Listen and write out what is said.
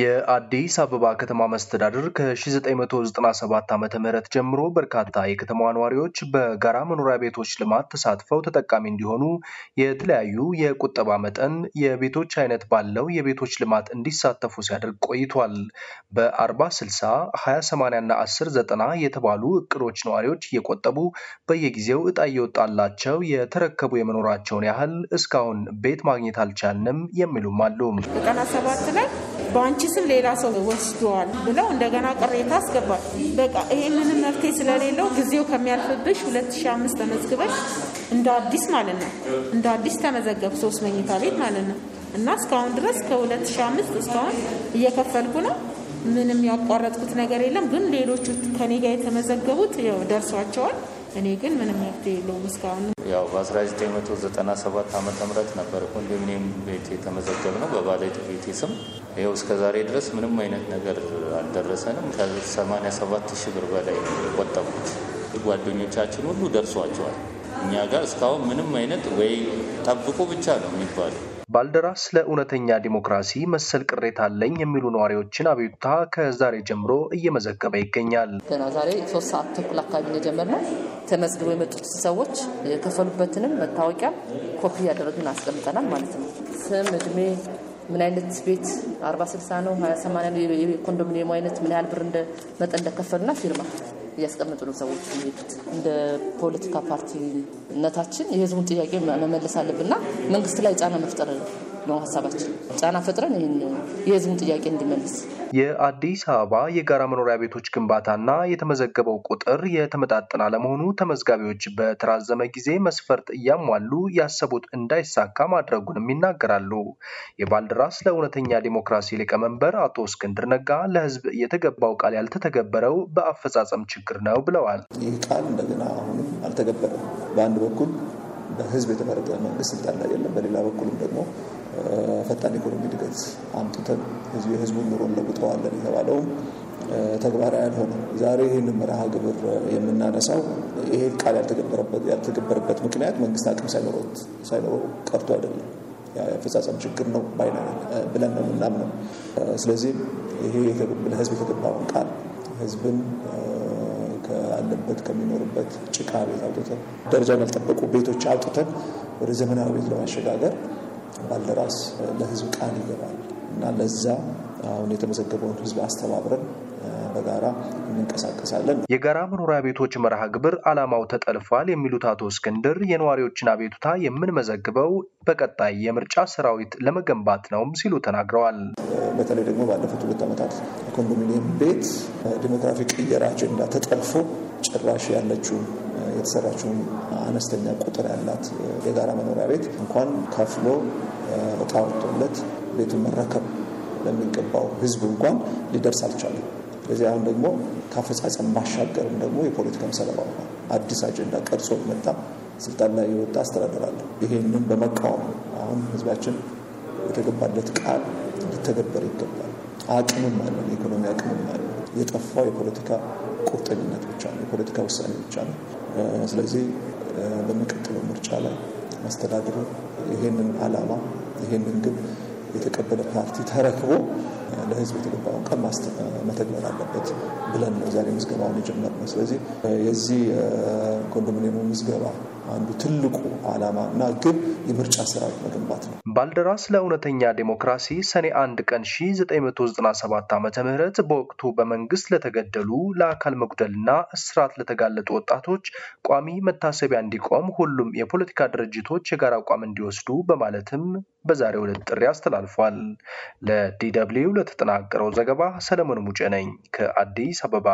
የአዲስ አበባ ከተማ መስተዳድር ከ1997 ዓ ም ጀምሮ በርካታ የከተማዋ ነዋሪዎች በጋራ መኖሪያ ቤቶች ልማት ተሳትፈው ተጠቃሚ እንዲሆኑ የተለያዩ የቁጠባ መጠን፣ የቤቶች አይነት ባለው የቤቶች ልማት እንዲሳተፉ ሲያደርግ ቆይቷል። በ40 60፣ 20 80 እና 10 90 የተባሉ እቅዶች ነዋሪዎች እየቆጠቡ በየጊዜው እጣ እየወጣላቸው የተረከቡ የመኖራቸውን ያህል እስካሁን ቤት ማግኘት አልቻልንም የሚሉም አሉ። በአንቺ ስም ሌላ ሰው ወስደዋል ብለው እንደገና ቅሬታ አስገባል። በቃ ይሄ ምንም መፍትሄ ስለሌለው ጊዜው ከሚያልፍብሽ 2005 ተመዝግበሽ እንደ አዲስ ማለት ነው እንደ አዲስ ተመዘገብ ሶስት መኝታ ቤት ማለት ነው እና እስካሁን ድረስ ከ2005 እስካሁን እየከፈልኩ ነው። ምንም ያቋረጥኩት ነገር የለም። ግን ሌሎቹ ከኔ ጋር የተመዘገቡት ደርሷቸዋል። እኔ ግን ምንም መፍትሄ የለውም እስካሁን ያው በ1997 ዓ ም ነበር ኮንዶሚኒየም ቤት የተመዘገብ ነው በባለቤት ቤቴ ስም። ይኸው እስከ ዛሬ ድረስ ምንም አይነት ነገር አልደረሰንም። ከ87 ሺህ ብር በላይ የቆጠቡት ጓደኞቻችን ሁሉ ደርሷቸዋል። እኛ ጋር እስካሁን ምንም አይነት ወይ ጠብቁ ብቻ ነው የሚባለው። ባልደራስ ለእውነተኛ ዲሞክራሲ መሰል ቅሬታ አለኝ የሚሉ ነዋሪዎችን አቤቱታ ከዛሬ ጀምሮ እየመዘገበ ይገኛል። ገና ዛሬ ሶስት ሰዓት ተኩል አካባቢ ነው የጀመርነው። ተመዝግቦ የመጡት ሰዎች የከፈሉበትንም መታወቂያ ኮፒ እያደረግን አስቀምጠናል ማለት ነው። ስም፣ እድሜ ምን አይነት ቤት አርባ ስልሳ ነው ሀያ ሰማንያ ነው የኮንዶሚኒየሙ አይነት ምን ያህል ብር መጠን እንደከፈሉና ፊርማ እያስቀመጡ ነው ሰዎች የሚሄዱት። እንደ ፖለቲካ ፓርቲነታችን የህዝቡን ጥያቄ መመለስ አለብና መንግስት ላይ ጫና መፍጠር ነው ሀሳባችን። ጫና ፈጥረን ይህን የህዝቡን ጥያቄ እንዲመልስ የአዲስ አበባ የጋራ መኖሪያ ቤቶች ግንባታና የተመዘገበው ቁጥር የተመጣጠነ አለመሆኑ ተመዝጋቢዎች በተራዘመ ጊዜ መስፈርት እያሟሉ ያሰቡት እንዳይሳካ ማድረጉንም ይናገራሉ። የባልደራስ ለእውነተኛ ዲሞክራሲ ሊቀመንበር አቶ እስክንድር ነጋ ለህዝብ የተገባው ቃል ያልተተገበረው በአፈጻጸም ችግር ነው ብለዋል። ይህ ቃል እንደገና አሁንም አልተገበረም። በአንድ በኩል በህዝብ የተመረጠ መንግስት ስልጣን ላይ የለም። በሌላ በኩልም ደግሞ ፈጣን ኢኮኖሚ እድገት አምጥተን የህዝቡን ኑሮ እንለውጠዋለን የተባለውም ተግባራዊ ያልሆነ ዛሬ ይህን መርሃ ግብር የምናነሳው ይሄ ቃል ያልተገበረበት ምክንያት መንግስት አቅም ሳይኖረው ቀርቶ አይደለም። የአፈጻጸም ችግር ነው ብለን ነው የምናምነው። ስለዚህ ይሄ ለህዝብ የተገባውን ቃል ህዝብን አለበት ከሚኖርበት ጭቃ ቤት አውጥተን ደረጃውን ያልጠበቁ ቤቶች አውጥተን ወደ ዘመናዊ ቤት ለማሸጋገር ባልደራስ ለህዝብ ቃል ይገባል እና ለዛ አሁን የተመዘገበውን ህዝብ አስተባብረን በጋራ እንንቀሳቀሳለን። የጋራ መኖሪያ ቤቶች መርሃ ግብር ዓላማው ተጠልፏል የሚሉት አቶ እስክንድር የነዋሪዎችን አቤቱታ የምንመዘግበው በቀጣይ የምርጫ ሰራዊት ለመገንባት ነውም ሲሉ ተናግረዋል። በተለይ ደግሞ ባለፉት ሁለት ዓመታት ኮንዶሚኒየም ቤት ዲሞግራፊ ቅየራ አጀንዳ ተጠልፎ ጭራሽ ያለችው የተሰራችውን አነስተኛ ቁጥር ያላት የጋራ መኖሪያ ቤት እንኳን ከፍሎ እጣ ወጥቶለት ቤቱን መረከብ ለሚገባው ህዝብ እንኳን ሊደርስ አልቻለም። ስለዚህ አሁን ደግሞ ከአፈጻጸም ባሻገርም ደግሞ የፖለቲካም ሰለባ ሆኗል። አዲስ አጀንዳ ቀርጾ መጣ ስልጣን ላይ የወጣ አስተዳደር አለ። ይሄንን በመቃወም አሁን ህዝባችን የተገባለት ቃል ሊተገበር ይገባል። አቅምም አለ፣ የኢኮኖሚ አቅምም አለ። የጠፋው የፖለቲካ ቁርጠኝነቶች አሉ፣ የፖለቲካ ውሳኔዎች አሉ። ስለዚህ በሚቀጥለው ምርጫ ላይ መስተዳድሩ ይሄንን አላማ ይሄንን ግብ የተቀበለ ፓርቲ ተረክቦ ለህዝብ የተገባውን ቃል መተግበር አለበት ብለን ነው ዛሬ ምዝገባውን የጀመርነው። ስለዚህ የዚህ ኮንዶሚኒየሙ ምዝገባ አንዱ ትልቁ ዓላማና ግብ የምርጫ ስርዓት መገንባት ነው። ባልደራስ ለእውነተኛ ዴሞክራሲ ሰኔ አንድ ቀን 1997 ዓ ም በወቅቱ በመንግስት ለተገደሉ ለአካል መጉደልና እስራት ለተጋለጡ ወጣቶች ቋሚ መታሰቢያ እንዲቆም ሁሉም የፖለቲካ ድርጅቶች የጋራ አቋም እንዲወስዱ በማለትም በዛሬው ዕለት ጥሪ አስተላልፏል። ለዲ ለተጠናቀረው ዘገባ ሰለሞን ሙጬ ነኝ ከአዲስ አበባ።